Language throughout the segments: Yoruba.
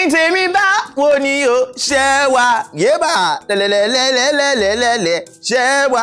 ẹ̀yin tèmi bá wo ni o ṣẹ́ wa yébà lẹ́lẹ́lẹ́lẹ́lẹ́lẹ́lẹ́ ṣẹ́ wa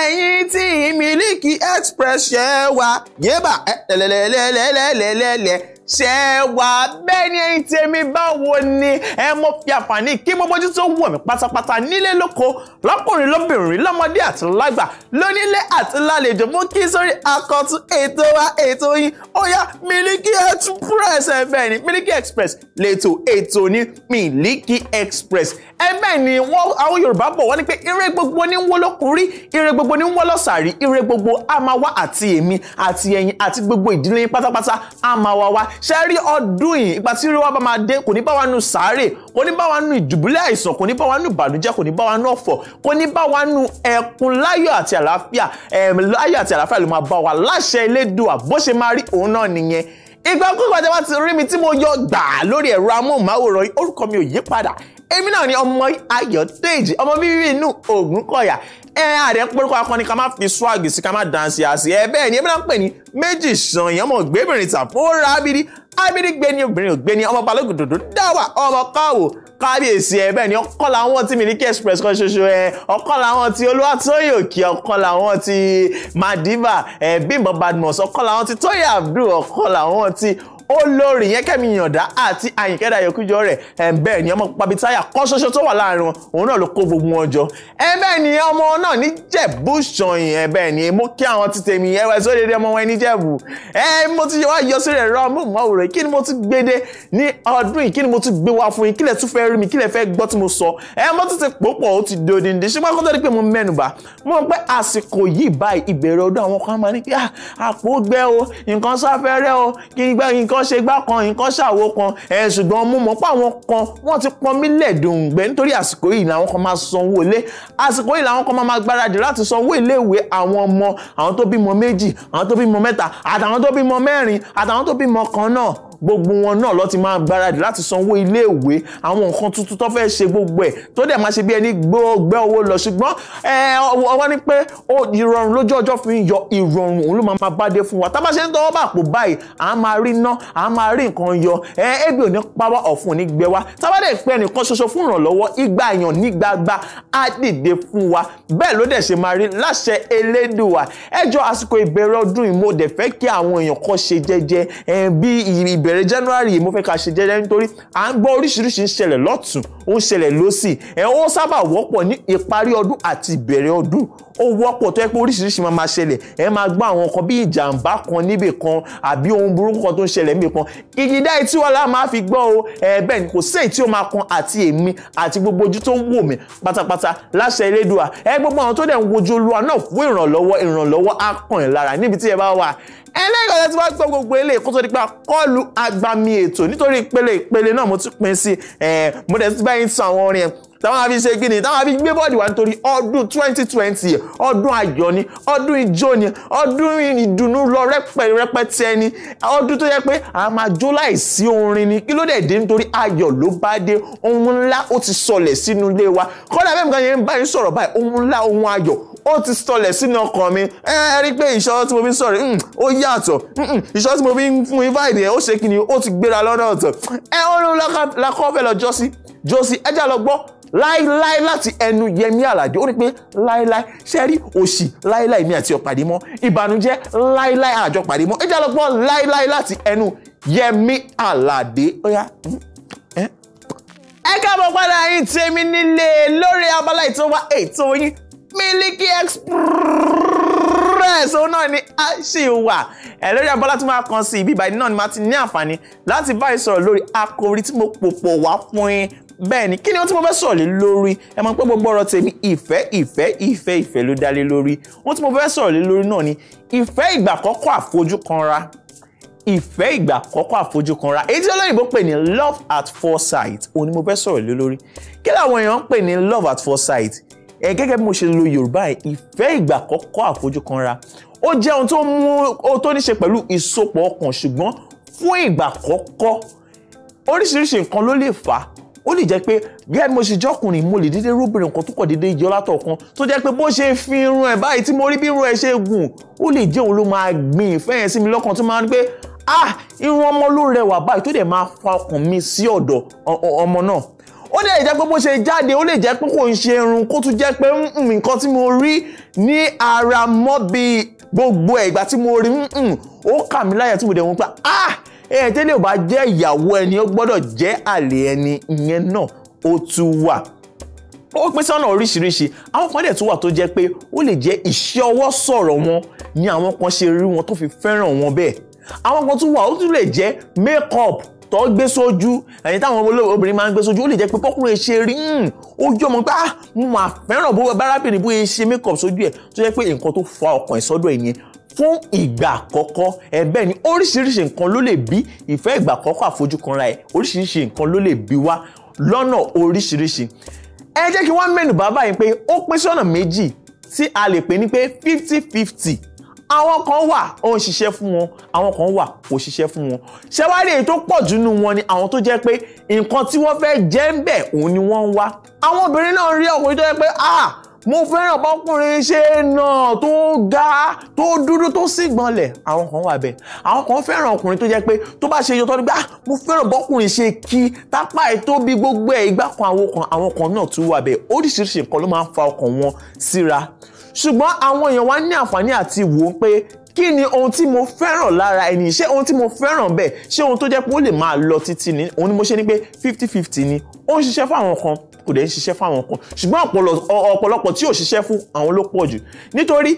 ẹ̀yin tí Miliki Express ṣẹ́ wa yébà lẹ́lẹ́lẹ́lẹ́lẹ́lẹ́lẹ́ ṣe wà bẹ́ẹ̀ ni ẹ̀yin tèmi báwo ni ẹ mọ fi àǹfààní kí mọ́bójú tó wọ̀ mí pátápátá nílé lóko lọ́kùnrin lóbìnrin lọ́mọdé àti lágbà lónílé àti lálejò mú kí sórí àkọ́tún ètò wa ètò yín ó yá Miliki Express ẹ̀ bẹ́ẹ̀ ni Miliki Express lẹ́tọ̀ ètò ní Miliki Express ẹ̀mẹ́ ni wọ́n àwọn Yorùbá bọ̀ wọ́n ní pé ire gbogbo ní wọ́n lọ́kùnrin ire gbogbo ní wọ́n lọ́sàárì ire gbogbo á máa wá àti èmi àti ẹ̀yin àti gbogbo ìdílé yín pátápátá á máa wá wá ṣe rí ọdún yìí ipa tí ire wa bá máa dé kò ní bá wa nu sàárè kò ní bá wa nu ìdùbúlẹ̀ àìsàn kò ní bá wa nu ìbànújẹ́ kò ní bá wa nu ọ̀fọ̀ kò ní bá wa nu ẹkún láyọ̀ àti àlàáfíà wa láṣẹ Elédùà bó ṣe máa rí òun náà nìyẹn ìgbà kúkọ̀ tí wọ́n ti rí mi tí mo yọ gbà lórí ẹ̀rọ amóhùnmáwòrán orúkọ mi ò yí padà èmi náà ni ọmọ Ayọ̀dèjì ọmọ bíbí inú Ògúnkọ̀yà ẹ àdẹ pẹ́rẹ́kọ́ akọni ká má fi swag sí ká má dansi àsì ẹ bẹ́ẹ̀ ni èmi náà ń pè ní méjì sàn yẹn ọmọ gbẹ́bìnrin tàfóra abidi abidi gbé ní obìnrin ò gbé ní ọmọ balógun dòdò dáwà ọmọ káwò kábíyèsí ẹ bẹ́ẹ̀ ni ọkọ làwọn tí Miliki Express kan ṣoṣo ẹ ọkọ làwọn tí Olúwatóyìn Òkè ọkọ làwọn tí Madiba ẹ Bímbọ́ Badmus ọkọ làwọn tí Tóyìn Abdul ọkọ làwọn tí olórí yẹn Kẹ́mi Ìyàndá àti Àyìnkẹ́ Dayọ̀kújọ rẹ̀ bẹ́ẹ̀ ni ọmọ pàbí táyà kan ṣoṣo tó wà láàrin wọn òun náà ló kó gbogbo wọn jọ bẹ́ẹ̀ ni ọmọ náà níjẹ̀bú ṣọyìn bẹ́ẹ̀ ni mo kí àwọn ti tèmi ẹwà sórí eré ọmọ wọn níjẹ̀bú mo ti wá yọ sí rẹ̀ rọ́ọ̀mù mọ́wùrẹ́ kí ni mo ti gbede ní ọdún yìí kí ni mo ti gbé wá fún yín kí lẹ̀ tún fẹ́ rí mi kí lẹ̀ fẹ́ gbọ́ tí mo sọ o nǹkan sáfẹ́rẹ́ o kí n gbẹ́ nǹkan ṣe gbá kan nǹkan ṣàwo kan ẹ ṣùgbọ́n mo mọ̀ pé àwọn kan wọ́n ti pọn mí lẹ́ẹ̀dọ̀ǹgbẹ́ nítorí àsìkò yìí làwọn kan máa sanwó ilé àsìkò yìí làwọn kan máa gbáradì láti sanwó iléèwé àwọn ọmọ àwọn tó bímọ méjì àwọn tó bímọ mẹ́ta àtàwọn tó bímọ mẹ́rin àtàwọn tó bímọ kan náà gbogbo wọn náà lọ́ ti máa gbáradì láti sanwó iléèwé àwọn nǹkan tuntun tó fẹ́ ṣe gbogbo ẹ̀ tó dẹ̀ máa ṣe bí ẹni gbẹ́ owó lọ ṣùgbọ́n ọwọ́ ni pé ìrọ̀rùn lójú ọjọ́ fi ń yọ ìrọ̀rùn òun ló máa máa bá dé fún wa tábà ṣe ń tọwọ́ bà pò báyìí à á máa rí iná à á máa rí nǹkan yọ ebi ò ní pawá ọ̀fun ò ní gbẹ wá tábà dẹ̀ pé ẹnìkan ṣoṣo fún ìrànlọ́wọ́ igba èèyàn ní gbagba á dìde fún wa bẹ́ẹ̀ ló dẹ̀ ṣe máa rí láṣẹ Elédùà ẹjọ́ àsìkò ìbẹ̀rẹ̀ ọdún ìmọ̀ọ́dẹ̀fẹ́ kí àwọn èèyàn kan ṣe jẹ́jẹ́ ìbẹ̀rẹ̀ January mo fẹ́ ká ṣe jẹ́jẹ́ nítorí à ń gbọ́ oríṣiríṣi ń ṣẹlẹ̀ lọ́tùn ó ń ṣẹlẹ̀ lọ́sì ẹ̀ ó sábà wọ́pọ̀ ní ìparí ọdún àti ìbẹ̀rẹ̀ ọdún ó wọ́pọ̀ tó yẹ pé oríṣiríṣi máa máa ṣẹlẹ̀ ẹ̀ máa gbọ́ àwọn kan bí ìjàmbá kan níbì kan àbí ohun burúkú kan tó ń ṣẹlẹ̀ níbì kan ìgidá etí wọn láà máa fi gbọ́ o ẹ̀ bẹ́ẹ̀ ni kò sí èyí tí ó máa kan àti èmi àti gbogbo ojú tó ń wò mí pátápátá láṣẹ elédùà ẹ gbogbo àwọn tó dẹ̀ ń wojú olúwa náà fún ìrànlọ́wọ́ ìrànlọ́wọ́ á kàn ẹ̀ lára níbi tí ẹ bá wà gbọ́ gbogbo eléyìí kó tó di pé akọ́ọ̀lù agbami ètò nítorí ìpele ìpele náà mo tún pín sí mo dẹ̀ tún bá 一种哦，你 táwọn àfi ṣe kí ni táwọn àfi gbé bọ́ọ̀dì wá nítorí ọdún twenty twenty ọdún ayọ̀ ni ọdún ijó ni ọdún ìdùnnú lọ rẹpẹtẹ ni ọdún tó yẹ pé a máa jó láìsí orin ni kí ló dẹ̀ dé nítorí ayọ̀ ló bá dé ohun ńlá ó ti sọlẹ̀ sínú ilé wa kọ́dà bẹ́ẹ̀ nǹkan yẹn ń báyìí sọ̀rọ̀ báyìí ohun ńlá ohun ayọ̀ ó ti sọlẹ̀ sínú ọkàn mi ẹ ẹ rí i pé ìṣọ́ tí mo fi ń sọ̀rọ̀ mm, ó yàtọ̀ ìṣọ́ tí mo fi ń fún invite yẹn ó ṣe kí ni ó ti gbéra lọ́nà ọ̀tọ̀ ẹ ó lọ́kọ́ fẹ́ lọ jọ́sí jọ́sí ẹjẹ́ lọ gbọ́ láíláí láti ẹnu Yẹmí Àlàdé ó ní pé láíláí ṣe rí òṣì láíláí mi àti ọ̀pàdé mọ́ ìbànújẹ́ láíláí àjọ pàdé mọ́ ẹjẹ́ lọ́gbọ́n láíláí láti ẹnu Yẹmí Àlàdé ó yá hmm, ẹ káàbọ̀ padà yín tèmi nílé lórí abala ètò wa ètò yín Miliki Express òun náà ni a ṣì wà ẹ lórí abala tó máa kan sí ibi ìbàdí náà ni máa ti ní àǹfààní láti báyìí sọ̀rọ̀ lórí àkòrí tí mo pòpọ̀ wá fún yín bẹ́ẹ̀ ni kí ni ohun tí mo fẹ́ sọ̀rọ̀ lé lórí ẹ mọ̀ pé gbogbo ọ̀rọ̀ tèmi ìfẹ́ ìfẹ́ ìfẹ́ ìfẹ́ ló dá lé lórí ohun tí mo fẹ́ sọ̀rọ̀ lé lórí náà ni ìfẹ́ ìgbà àkọ́kọ́ àfojúkanra ìfẹ́ ìgbà àkọ́kọ́ àfojúkanra èyí tí olóyìnbó pè ní love at first sight òun ni mo fẹ́ sọ̀rọ̀ lé lórí kí làwọn èèyàn ń pè ní love at first sight ẹ gẹ́gẹ́ bí mo ṣe lo Yorùbá ẹ̀ ìfẹ́ ìgbà àkọ́kọ́ àfojúkanra ó jẹ́ ohun tó mú ohun tó ní ṣe pẹ̀lú ìsopọ̀ ọkàn ṣùgbọ́n fún ìgbà àkọ́kọ́ oríṣiríṣi nǹkan ló lè fà á ó lè jẹ́ pé bí ẹni mo ṣe jọ́kùnrin mo lè dídé róbìnrin kan tó kọ̀ dídé yọ látọ̀ kan tó jẹ́ pé bó ṣe fi irun ẹ̀ báyìí tí mo rí bí irun ẹ̀ ṣe gùn ó lè jẹ́ òun ló máa gbìn ìfẹ́ sí mi lọ́kàn tó máa ń pé ah irun ọmọ ló rẹwà báyìí tó dẹ̀ máa fa ọkàn mi sí ọ̀dọ̀ ọmọ náà ó lè jẹ́ pé bó ṣe jáde ó lè jẹ́ pé kò ń ṣe irun kó tún jẹ́ pé nǹkan tí mo rí ní ara mọ́ bí gbogbo ẹ̀ tí mo rí ó kà mí láyà tí mo dẹ̀ wọ́n pa ah ẹ̀ tẹ́lẹ̀ ò bá jẹ́ ìyàwó ẹni ó gbọ́dọ̀ jẹ́ àlè ẹni ìyẹn náà ó tún wà ó pín sọ́nà oríṣiríṣi àwọn kan dẹ̀ tún wà tó jẹ́ pé ó lè jẹ́ iṣẹ́ ọwọ́ sọ̀rọ̀ wọn ni àwọn kan ṣe rí wọn tó fi fẹ́ràn wọn bẹ́ẹ̀ àwọn kan tún wà ó tún lè jẹ́ make-up tó gbé sójú ẹ̀yìn táwọn obìnrin máa ń gbé sójú ó lè jẹ́ pé pọ́kùnrin ṣe rí hmm, ojú ọmọ pé ah mo máa fẹ́ràn bó arábìnrin bó ṣe make-up sójú ẹ̀ tó jẹ́ pé nǹkan tó fa ọkàn ìsọ́dọ̀ ẹ̀ fún ìgbà àkọ́kọ́ ẹ bẹ́ẹ̀ ni oríṣiríṣi nǹkan ló lè bí ìfẹ́ ìgbà àkọ́kọ́ àfojúkanra ẹ̀ oríṣiríṣi nǹkan ló lè bí wá lọ́nà oríṣiríṣi ẹ jẹ́ kí wọ́n mẹ́nu bàbá yìí pé ó pín sọ́nà méjì tí a lè pè ní pé fifty fifty àwọn kan wà ó ń ṣiṣẹ́ fún wọn àwọn kan wà kò ṣiṣẹ́ fún wọn ṣẹwárí èyí tó pọ̀ jù nù wọn ni àwọn tó jẹ́ pé nǹkan tí wọ́n fẹ́ jẹ́ ń bẹ̀ òun ni wọ́n ń wá àwọn obìnrin náà rí ọkùnrin tó jẹ́ pé ah mo fẹ́ràn bọ́kùnrin ṣe náà tó ga tó dúdú tó sì gbọ̀nlẹ̀ àwọn kan wà bẹ́ẹ̀ àwọn kan fẹ́ràn ọkùnrin tó jẹ́ pé tó bá ṣe yọ tọ́ nígbà mo fẹ́ràn bọ́kùnrin ṣe kí tápá ẹ̀ tó bí gbogbo ẹ̀ ìgbà kan àwọn kan àwọn kan náà tún wà bẹ́ẹ̀ oríṣiríṣi nǹkan ló máa ń fa ọkàn wọn síra ṣùgbọ́n àwọn èèyàn wa ní àǹfààní àti wò ó pé kí ni ohun tí mo fẹ́ràn lára ẹni ṣé ohun tí mo fẹ́ràn bẹ́ẹ̀ ṣé ohun tó jẹ́ pé ó lè máa lọ títí ni òun ni mo ṣe ni pé fifty fifty ni ó ń ṣiṣẹ́ fún àwọn kan kò dẹ̀ ń ṣiṣẹ́ fún àwọn kan ṣùgbọ́n ọ̀pọ̀lọpọ̀ tí ò ṣiṣẹ́ fún àwọn ló pọ̀ jù nítorí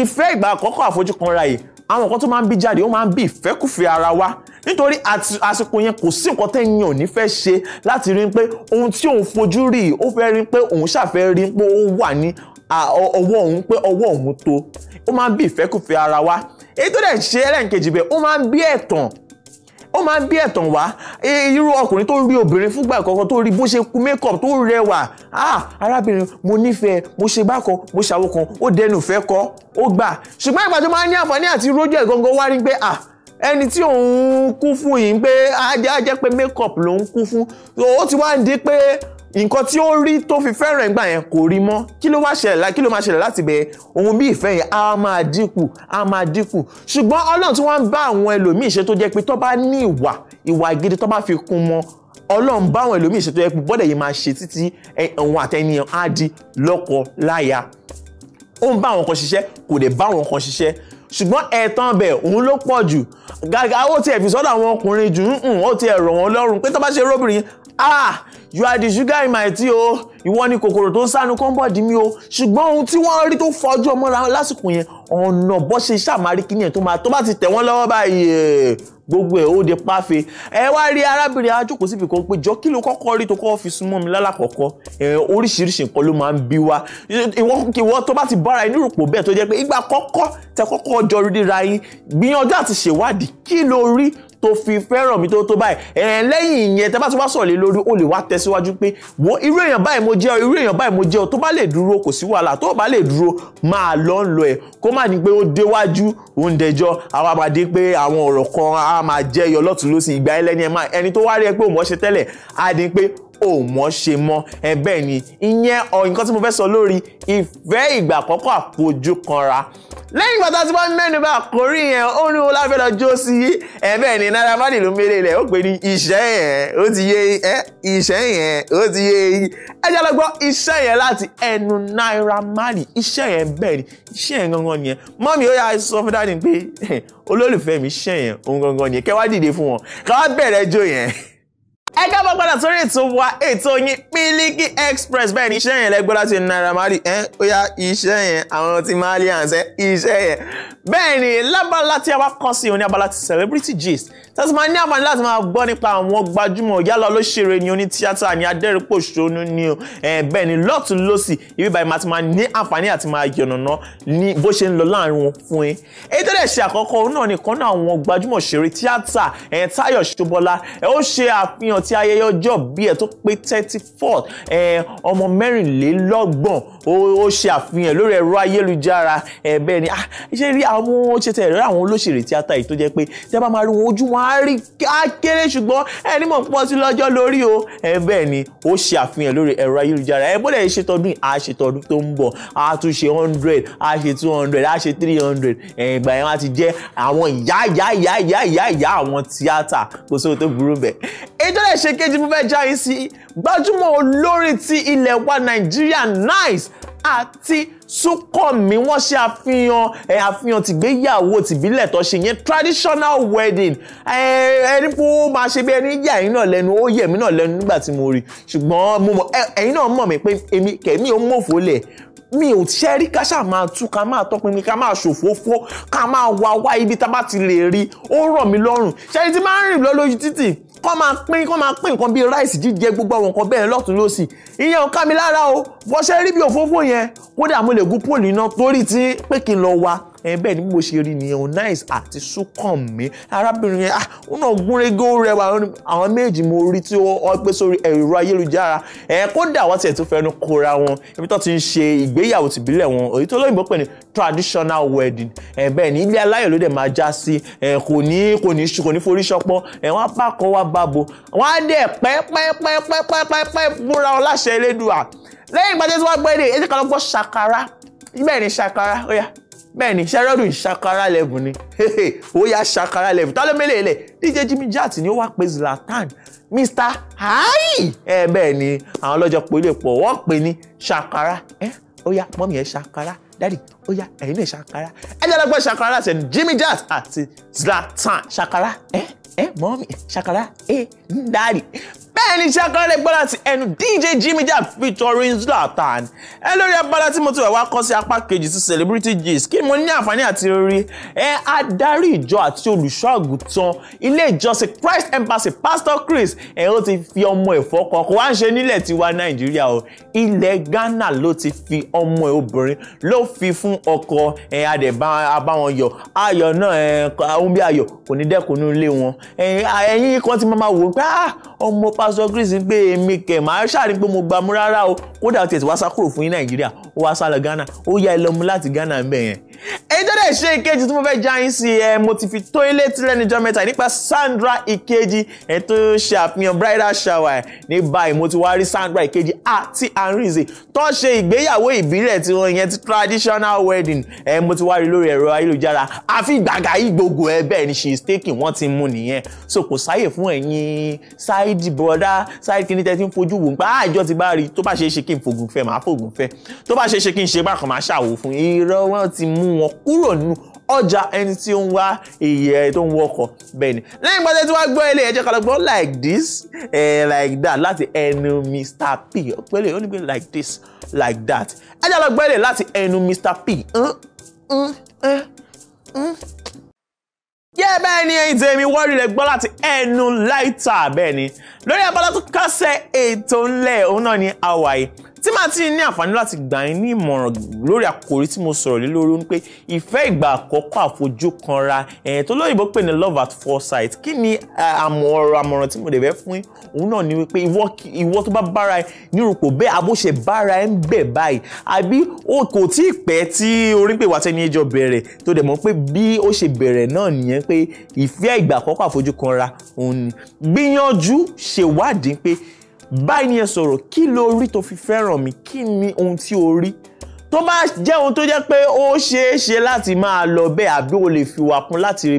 ìfẹ́ ìgbà àkọ́kọ́ àfojúkanra yìí àwọn nǹkan tó máa ń bí jáde ó máa ń bí ìfẹ́kùfẹ́ ara wa nítorí àsìkò yẹn kò sí nǹkan tẹ́yìn ò ní fẹ́ ṣe láti rí pé ohun tí òun fojú rí ó fẹ́ rí pé òun ṣàfẹ́ rí pé ó wà ní ọwọ́ òun pé ọwọ́ òun tó ó máa ń bí ìfẹ́kùfẹ́ ara wa èyí tó dẹ̀ ṣe ẹlẹ́nkejì bẹ́ẹ̀ ó máa ń bí ẹ̀tàn ó máa ń bí ẹ̀tàn wá e, irú ọkùnrin tó rí obìnrin fúngbà kọ̀ọ̀kan tó rí bó ṣe ku makeup tó rẹwà ah arábìnrin mo nífẹ̀ẹ́ mo ṣe bákan mo ṣàwọ̀ kan ó dẹnu fẹ́ kọ́ ó gbà ṣùgbọ́n ìgbà tó máa ń ní àǹfààní àti rójú ẹ̀ gangan wá rí pé ah ẹni tí òun kú fún yìí pé á pé makeup lòun kú fún ó ti wá ń di pé nǹkan tí ó rí tó fi fẹ́ràn ẹ̀gbà yẹn kò rí mọ́ kí ló wá ṣẹlẹ̀ kí ló máa ṣẹlẹ̀ láti bẹ̀ẹ́ ohun bí ìfẹ́ yẹn á máa dínkù á máa dínkù ṣùgbọ́n ọlọ́run tí wọ́n ń bá àwọn ẹlòmíì ṣe tó jẹ́ pé tó bá ní ìwà ìwà gidi tó bá fi kún mọ́ ọlọ́run bá àwọn ẹlòmíì ṣe tó jẹ́ pé bọ́dẹ̀ yìí máa ṣe títí òun àtẹniyàn á di lọ́kọ láya ó ń bá àwọn kan ṣiṣẹ́ kò dẹ̀ bá àwọn kan ṣiṣẹ́ ṣùgbọ́n ẹ̀tàn bẹ̀ òun ló pọ̀ jù gàgà ó tiẹ̀ fi sọ́dọ̀ àwọn ọkùnrin jù ń ó tiẹ̀ rọ̀ wọ́n lọ́rùn pé tó bá ṣe róbìnrin ah you are the sugar in my tea o ìwọ ni kòkòrò tó ń sánú kọ́ńbọ̀dì mi o ṣùgbọ́n ohun tí wọ́n rí tó fọjú ọmọ lásìkò yẹn ọ̀nà bọ́ ṣe ṣàmárí kíni ẹ̀ tó máa tó bá ti tẹ̀ wọ́n lọ́wọ́ báyìí eh, gbogbo ẹ̀ ó de páfe ẹ wá rí arábìnrin ajókòó síbi kan pé jọ kí ló kọ́kọ́ rí tó kọ́ fi súnmọ́ mi lálàkọ́kọ́ ẹ oríṣiríṣi nǹkan ló máa ń bí wa ìwọ tó bá ti bára inú ròpò bẹ́ẹ̀ tó jẹ́ pé ìgbà kọ́kọ́ tẹ kọ́kọ́ jọ ríra yín gbìyànjú àti ṣèwádìí kí ló rí tó fi fẹ́ràn mi tó tó báyìí ẹ̀ lẹ́yìn ìyẹn tẹ́ bá ti wá sọ̀rọ̀ lé lórí ó lè wá tẹ̀síwájú pé wo irú èèyàn báyìí mo jẹ́ irú èèyàn báyìí mo jẹ́ tó bá lè dúró kò sí wàhálà tó bá lè dúró máa lọ ń lọ ẹ̀ kó má ní pé ó déwájú òun dẹjọ́ àwọn àbàdé pé àwọn ọ̀rọ̀ kan á máa jẹ́ yọ lọ́tùlọ́sì ìgbà ẹlẹ́ni ẹ̀ máa ẹni tó wá rí ẹ pé òun mọ̀ tẹ́lẹ̀ á ní pé ò mọ̀ ṣe mọ́ ẹ bẹ́ẹ̀ ni ìyẹn ọ̀ nǹkan tí mo fẹ́ sọ lórí ìfẹ́ ìgbà àkọ́kọ́ àfojú kanra lẹ́yìn ìgbà tá a ti bá mẹ́nu bá àkórí yẹn ó ní wọn láfẹ́ lọ jó sí i ẹ bẹ́ẹ̀ ni náírà má nílùú mélé rẹ̀ ó pè ní iṣẹ́ yẹn ó ti yé ẹ iṣẹ́ yẹn ó ti yé yín ẹ jẹ́ lọ gbọ́ iṣẹ́ yẹn láti ẹnu náírà márì iṣẹ́ yẹn bẹ́ẹ̀ ni iṣẹ́ yẹn gangan nìyẹn mọ́mí ó yà sọ fún dáàdì pé olólùfẹ́ mi iṣẹ́ yẹn òun gangan nìyẹn kẹ́ wá dìde fún wọn kẹ́ wá bẹ̀rẹ̀ jó yẹn ẹ káàbọ̀ padà sórí ètò wa ètò yín Miliki Express bẹ́ẹ̀ ni iṣẹ́ yẹn lẹ́gbọ́n láti Naira Marley ẹ́ ó yá iṣẹ́ yẹn àwọn ti máa lé àǹsẹ́ iṣẹ́ yẹn bẹ́ẹ̀ ni lábala tí a wá kọ́ sí òní abala ti celebrity gist tẹ́sí máa ní àǹfààní láti máa gbọ́ nípa àwọn gbajúmọ̀ yálà olóṣèré ni oní tíátà ni adẹ́rìnpòṣónú ni o bẹ́ẹ̀ ni lọ́ọ̀tún lọ́sì ibi báyìí máa ti máa ní àǹfààní àti máa yànnàná ní bó ṣe ń lọ láàrin wọn fún yín èyí tó dẹ̀ ṣe àkọ́kọ́ náà nìkan náà àwọn gbajúmọ̀ òṣèré tíátà Táyọ̀ Ṣọbọ́lá ó ṣe àfihàn rántí ayẹyẹ ọjọ́ bí ẹ tó pé thirty four ọmọ mẹ́rìnlélọ́gbọ̀n ó ṣe àfihàn lórí ẹ̀rọ ayélujára ẹ̀ bẹ́ẹ̀ ni ah, ṣé rí àwọn ṣe tẹ̀ rẹ́ àwọn olóṣèré tíátà yìí tó jẹ́ pé tí a bá máa rí wọn ojú wọn á rí kéré ṣùgbọ́n ẹni mọ̀ ń pọ̀ sí lọ́jọ́ lórí o ẹ̀ bẹ́ẹ̀ ni ó ṣe àfihàn lórí ẹ̀rọ ayélujára ẹ̀ bọ́dẹ̀ ṣe tọdún a ṣe tọdún tó ń bọ̀ a tún ṣe hundred á ṣe two hundred á ṣe three hundred ìgbà yẹn wá ti jẹ́ àwọn ìyá ìyá ìyá ìyá ìyá ìyá àwọn tíátà kò sóhun tó burú bẹ́ẹ̀ èyí tó lè ṣe kéjì fún fẹ́ gbajúmọ̀ olórin ti ilẹ̀ wa nàìjíríà nice àti Súnkànmí wọ́n ṣe àfihàn ẹ àfihàn tìgbéyàwó tìbílẹ̀ tó ṣe yẹn traditional wedding ẹ ẹni fún ó máa ṣe bí ẹni yà ẹ̀yin náà lẹ́nu ó yẹ̀ mí náà lẹ́nu nígbà tí mo rí ṣùgbọ́n mo mọ̀ ẹ̀yin náà mọ̀ mí pé èmi kẹ̀mí ò mọ̀fó lẹ̀ mi ò ṣe rí ká ṣáà máa tú ká máa tọpin mi ká máa ṣòfófó ká máa wá wá ibi tá a bá ti lè rí ó rọ̀ mí lọ́rùn ṣe ni ti máa ń rìn lọ lójú títì kọ́ máa pín kọ́ máa pín nǹkan bíi ráìsì jíjẹ gbogbo àwọn nǹkan bẹ́ẹ̀ lọ́tún lọ́sì ìyẹn ò ká mi lára o bọ́sẹ̀ rí bí òfófó yẹn kódà mo lè gún póòlù iná torí tí pé kí n lọ wa ẹ bẹ́ẹ̀ ni mo ṣe rí nìyẹn Nice àti Súnkànmí arábìnrin yẹn ah ó náà gúnrégé ó rẹwà àwọn méjì mo rí tí ó gbé sórí ẹ̀rọ ayélujára ẹ̀ kódà wọ́n tiẹ̀ tún fẹnu kóra wọn ibi tó ti ń ṣe ìgbéyàwó tìbílẹ̀ wọn èyí tó lóyìnbó pè ní traditional wedding ẹ̀ bẹ́ẹ̀ ni ilé aláyọ̀ ló dẹ̀ máa já sí ẹ̀ kò ní kò ní kò ní forí ṣọpọ́ ẹ̀ wọ́n apá kan wá bábo wọ́n á dẹ̀ pẹ́pẹ́pẹ́pẹ́pẹ́pẹ́ fúnra wọn láṣẹ elédùà lẹ́yìn ìgbà tí wọ́n gbé dé etí kan ló gbọ́ ṣàkàrà bẹ́ẹ̀ ni ṣàkàrà ó yá bẹ́ẹ̀ ni Sherodun ṣakara level ni ó yá ṣakara level tá ló mélèé lẹ̀ DJ Jimmy Jat ni ó wá pe Zlatan Mr High ẹ bẹ́ẹ̀ ni àwọn ọlọ́jọ́ pé ilé pọ̀ wọ́n pè ní ṣakara ẹ ó yá mọ́mí ẹ ṣakara dádì ó yá ẹ̀yin náà ṣakara ẹ jẹ́ lọ́gbọ́n ṣakara láti ẹnu Jimmy Jat àti Zlatan ṣakara ẹ ẹ mọ́mí ṣakara ẹ ń dárì ẹni tí akọ́lẹ̀ gbọ́ láti ẹnu DJ Jimmy Jab featuring Zlatan ẹ lórí abala tí mo ti wà wá kọ́ sí apá kejì sí celebrity gist kí mo ní àǹfààní àti rí ẹ adarí ìjọ àti olùṣọ́ àgùntàn ilé ìjọsìn Christ Embassy Pastor Chris ẹ ó ti fi ọmọ ẹ̀ fọ́kọ kó wá ń ṣe nílẹ̀ tiwa Nàìjíríà o ilẹ̀ Ghana ló ti fi ọmọ ẹ̀ obìnrin ló fi fún ọkọ ẹ̀ adẹ̀bá abáwọn yọ ayọ̀ náà ẹ̀ ohun bí ayọ̀ kò ní dẹ́kunú ilé wọn ẹ̀yin kan ti máa wò pé ah, ọmọ pásọ sọ Greece pé èmi kẹ̀ máa ṣàrí pé mo gbàmú rárá o kódà tiẹ̀ ti wá sá kúrò fún yín Nàìjíríà ó wá sálọ Ghana ó yá ẹ lọ mú láti Ghana ń bẹ̀ yẹn. èyí tó dẹ̀ ṣe ìkejì tí mo fẹ́ já yín sí ẹ mo ti fi tó ilé tí lẹ́nu mẹ́ta nípa Sandra ìkejì ẹ tó ṣe àfihàn bridal shower ẹ ní báyìí mo ti wá rí Sandra ìkejì àti Anrinze tó ṣe ìgbéyàwó ìbílẹ̀ tí wọ́n yẹn ti traditional wedding ẹ mo ti wá rí lórí ẹ̀rọ ayélujára àfi gbàgà yìí gbogbo ẹ bẹ́ẹ̀ ni she is taking wọ́n ti mú nìyẹn so kò sáyè fún ẹ̀yin side brother side kìnìtẹ́ tí ń fojú wò ń pa ah, àjọ ti bá rí tó bá ṣe é tó bá ṣe ṣe kí n ṣe bákan máa ṣàwò fún irọ́ wọn ti mú wọn kúrò nínú ọjà ẹni tí ó ń wá iye tó ń wọkọ̀ bẹ́ẹ̀ ni lẹ́yìn ìgbà tí wọ́n gbọ́ ilé ẹ̀jẹ̀ kan lọ gbọ́ like this eh, like that láti ẹnu Mr P pẹ̀lẹ́ ó ní pé like this like that ẹ̀jẹ̀ lọ gbọ́ ilé láti ẹnu Mr P. Uh, uh, uh, uh yẹ bẹ́ẹ̀ ni ẹ̀yin tèmi wọ́ọ̀rì rẹ̀ gbọ́ láti ẹnu láìta bẹ́ẹ̀ ni lórí abala tó kásẹ̀ ètò ńlẹ̀ òun náà ni àwàyè tí màá ti ní àǹfààní láti gbà yín ní ìmọ̀ràn lórí àkòrí tí mo sọ̀rọ̀ lé lórí ń pé ìfẹ́ ìgbà àkọ́kọ́ àfojúkanra ẹ̀yìn tó lóyìnbó pè ní love at first sight kí ni àmọ̀ràn àmọ̀ràn tí mo lè fẹ́ fún yín òun náà ni wípé ìwọ tó bá bára ẹ nírúpò bẹ́ẹ̀ abóṣe bára ẹ ń bẹ̀ báyìí àbí o kò tí ì pẹ́ tí orí pé wàá tẹ́ni ẹjọ́ bẹ̀rẹ̀ tó dẹ̀ mọ̀ pé bí ó ṣe bẹ̀rẹ̀ náà nìyẹn pé ìfẹ́ ìgbà àkọ́kọ́ àfojúkanra òun ni gbìyànjú ṣèwádìí pé bá ènìyàn sọ̀rọ̀ kí lo rí tó fi fẹ́ràn mi kí ni ohun tí o rí tó bá jẹ́ ohun tó jẹ́ pé ó ṣeé ṣe láti máa lọ bẹ́ẹ̀ àbí o lè fi wà láti rí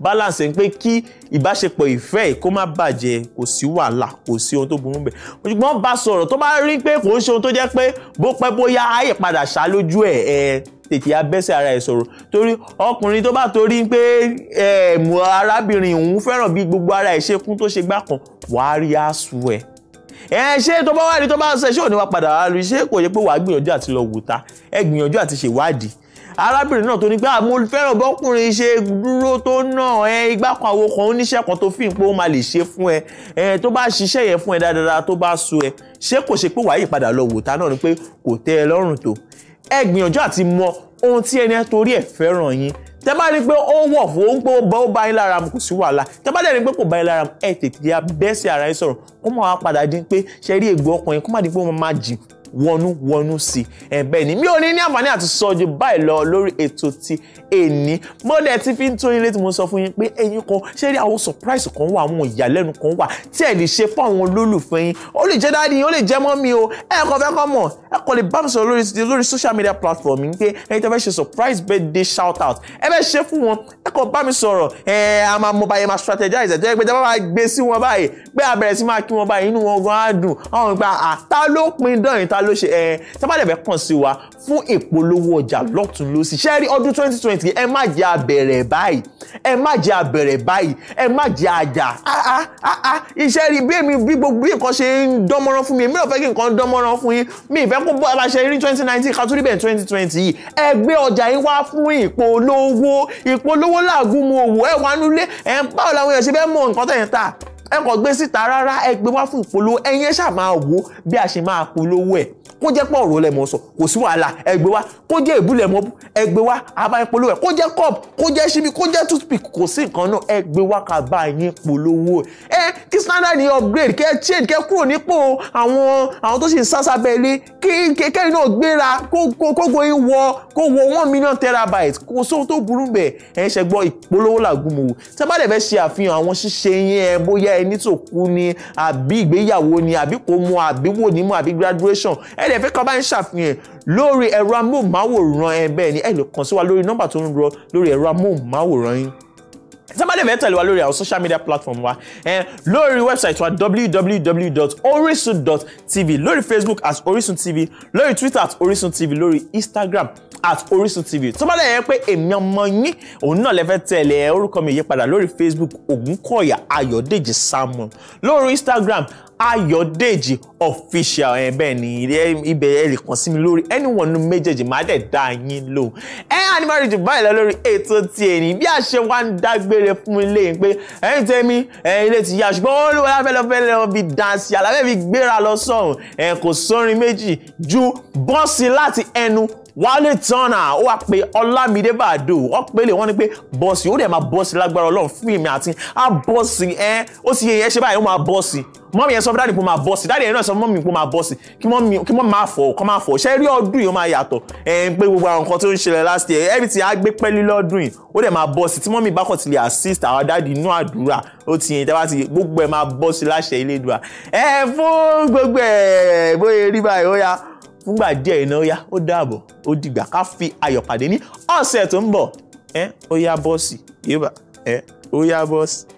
balance ń pé kí ìbáṣepọ̀ ìfẹ́ kó má bàjẹ́ kò sí wàhálà kò sí ohun tó burú bẹ́ẹ̀ ṣùgbọ́n bá sọ̀rọ̀ tó bá rí pé kò ń ṣe ohun tó jẹ́ pé bó pẹ́ bóyá ayè padà ṣá lójú ẹ̀ ẹ̀ tètè abẹ́sẹ̀ ara ẹ̀ sọ̀rọ̀ torí ọkùnrin tó bá torí pé arábìnrin òun fẹ́ràn bí gbogbo ara ẹ̀ ṣe kún tó ṣe gbá kan wàá rí àásù ẹ̀ ẹ ṣé tó bá wá rí tó bá ṣe ṣé ò ní wá padà wá rí ṣé kò yẹ pé wàá gbìyànjú àti lọ wò ta ẹ gbìyànjú àti ṣèwádìí arábìnrin náà tó ní pé àmú fẹ́ràn bọ́kùnrin ṣe dúró tó náà ẹ igbá kan àwo kan oníṣẹ́ kan tó fi ń pé ó máa lè ṣe fún ẹ ẹ tó bá ṣiṣẹ́ yẹn fún ẹ dáadáa tó bá sú ẹ ṣé kò ṣe pé wàá yí padà lọ wò náà ni pé kò tẹ́ ẹ lọ́rùn tó ẹ gbìyànjú àti mọ ohun tí ẹni torí ẹ fẹ́ràn yín tẹ́ bá rí pé ó wọ̀ fún ó ń pé ó bá yín lára mu kò sí wàhálà tẹ́ bá dẹ̀ pé kò bá yín lára mu ẹ̀ tètè ya bẹ́ẹ̀ sí ara yín sọ̀rọ̀ ó máa wá padà dín pé ṣe rí ègbò ọkùnrin kó má dín pé ó máa jìn wọnú wọnú sí i ẹ̀bẹ̀ ni mi ò ní ní àǹfààní àti sọ ju báyìí lọ lórí ètò ti èní mo dẹ̀ ti fi ń tó yín létí mo sọ fún yín pé ẹ̀yin kan ṣé rí àwọn surprise kan wà àwọn ìyàlẹ́nu kan wà tí ẹ̀ lè ṣe fún àwọn olólùfẹ́ yín ó lè jẹ́ dáadé yín ó lè jẹ́ mọ́mì o ẹ̀ kọ́ fẹ́ kọ́ mọ̀ ẹ̀ kọ́ lè bá mi sọ̀rọ̀ lórí lórí social media platform yín pé ẹ̀yin tó fẹ́ ṣe surprise birthday shout out ẹ fẹ́ ṣe fún wọn ẹ̀ kọ́ bá mi sọ̀rọ̀ ẹ̀ a máa mo báyìí máa strategize ẹ̀ tó yẹ pé dábàá gbé sí wọn báyìí pé àbẹ̀rẹ̀ sí máa kí wọn báyìí inú wọn gan á dùn àwọn ìgbà àtà ló pin dán ìta ló ṣe ẹ tábàdẹ̀ fẹ́ kàn sí wa fún ìpolówó ọjà lọ́tún lọ́sí ṣe rí ọdún twenty twenty ẹ má jẹ́ abẹ̀rẹ̀ báyìí ẹ má jẹ́ abẹ̀rẹ̀ báyìí ẹ má jẹ́ àjà ah, ah, ah, iṣẹ́ rí bí èmi bí gbogbo nǹkan ṣe ń dánmọ́rán fún mi èmi ò fẹ́ kí nǹkan dánmọ́rán fún yín mi ìfẹ́ kó bọ́ ẹ̀bá ṣe rí twenty nineteen ká tó rí bẹ́ẹ̀ twenty twenty yìí ẹ gbé ọjà yín wá fún ìpolówó ìpolówó làgùn mu òwò ẹ̀ wánú lé ẹ̀ ń báwo làwọn èèyàn ṣe fẹ́ mọ nǹkan tẹ̀ ń ẹ kàn gbé síta rárá ẹ gbé wá fún ìpolówó ẹ̀yin ẹ ṣáà máa wò bí a ṣe máa polówó ẹ̀ kó jẹ́ pọ̀ ọ̀rọ̀ lẹ́mọ̀ sọ kò sí wàhálà ẹgbẹ́ wa kó jẹ́ ìbú lẹ́mọ̀ bú ẹgbẹ́ wa àbá yín polówó ẹ̀ kó jẹ́ cup kó jẹ́ ṣíbí kó jẹ́ toothpick kò sí nǹkan náà ẹgbẹ́ wa kà bá yín polówó ẹ kí standard ni upgrade kẹ́ change kẹ́ kúrò nípò àwọn àwọn tó sì ń sásá bẹ́ẹ̀lì kí kẹ́kẹ́rì náà gbéra kógo yín wọ kó wọ one million terabyte kò sóhun tó burú bẹ́ẹ̀ ẹ̀ ṣẹ̀ gbọ́ ìpolówó làgùnmọ̀ wò tẹ́ bá dẹ̀ fẹ́ ṣe àfihàn àwọn ṣíṣe yín ẹ bóyá ẹni tó kú ni àbí ìgbéyàwó ni àbí kò mú àbí wò ní mú àbí graduation ẹ̀ dẹ̀ fẹ́ kọ́ bá ń ṣàfihàn lórí ẹ̀rọ amóhùnmáwòrán ẹ bẹ́ẹ̀ ni ẹ lè kàn sí wa lórí nọ́mbà tó ń rọ lórí ẹ̀rọ amóhùnmáwòrán yín sábàdé fẹ́ tẹ̀lé wa lórí àwọn social media platform wa eh, lórí website wa www.orisun.tv lórí facebook as orisun tv lórí twitter at orisun tv lórí instagram at Orisun TV tó bá dẹ̀ yẹ pé èmi ọmọ yín òun náà lẹ́fẹ́ tẹ̀lé orúkọ mi yípadà lórí Facebook Ògúnkọ̀yà Ayọ̀dèjì Samuel lórí Instagram Ayọ̀dèjì official ẹ̀ bẹ́ẹ̀ ni ibẹ̀ ẹ̀ lè kàn sí mi lórí anyone nu méjèèjì máa dẹ̀ dá yín lò ẹ̀ animal jù báyìí lọ lórí ètò ti ẹni bí a ṣe wá ń dágbére fún ilé yìí pé ẹ̀yin tẹ́mi ẹ̀yin lè ti yá ṣùgbọ́n olúwa láfẹ́lọ́fẹ́ lọ́wọ́ bíi dansi alábẹ́bí gbéra lọ sọ̀rùn ẹ̀ kò sórin méjì ju bọ́ọ̀sì láti ẹnu Wálé Turner ó wá pe Ọlámidé Bàdó ó pélé wọ́n ní pé bọ́ọ̀sì ó dẹ̀ máa bọ́ọ̀sì lágbára Ọlọ́run fún èmi àti á bọ́ọ̀sì ẹ ó sì yẹ ẹ ṣe báyìí ó máa bọ́ọ̀sì mọ́mí yẹn sọ fún dáàdì pé ó máa bọ́ọ̀sì dáàdì yẹn náà sọ fún mọ́mí pé ó máa bọ́ọ̀sì kí mọ́mí máa fọ̀ kọ́ máa fọ̀ ṣé rí ọdún yìí ó máa yàtọ̀ ẹ̀ ń pé gbogbo àwọn nǹkan tó ń ṣẹlẹ̀ last year everything á gbé pẹ́lí lọ́dún yìí ó dẹ̀ máa bọ́ọ̀sì tí mọ́mí bákan ti lè assist àwọn dáàdì inú àdúrà ó ti yẹn tẹ́wá ti gbogbo ẹ̀ máa bọ́ọ̀sì láṣẹ Elédùà ẹ̀ fún gbogbo ẹ̀ bóyá rí báyìí ó yá fúngbà díẹ̀ iná ó yá ó dààbọ̀ ó dìgbà ká fi ayọ̀ pàdé ní ọ̀sẹ̀ tó ń bọ̀ ẹ ó yá bọ́ọ̀sì yébà ẹ ó yá bọ́ọ̀sì.